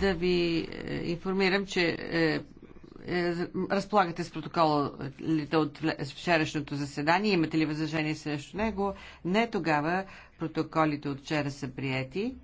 да ви е, информирам, че е, е, разполагате с протоколите от вчерашното заседание. Имате ли възражение срещу него? Не, тогава протоколите от вчера са приети.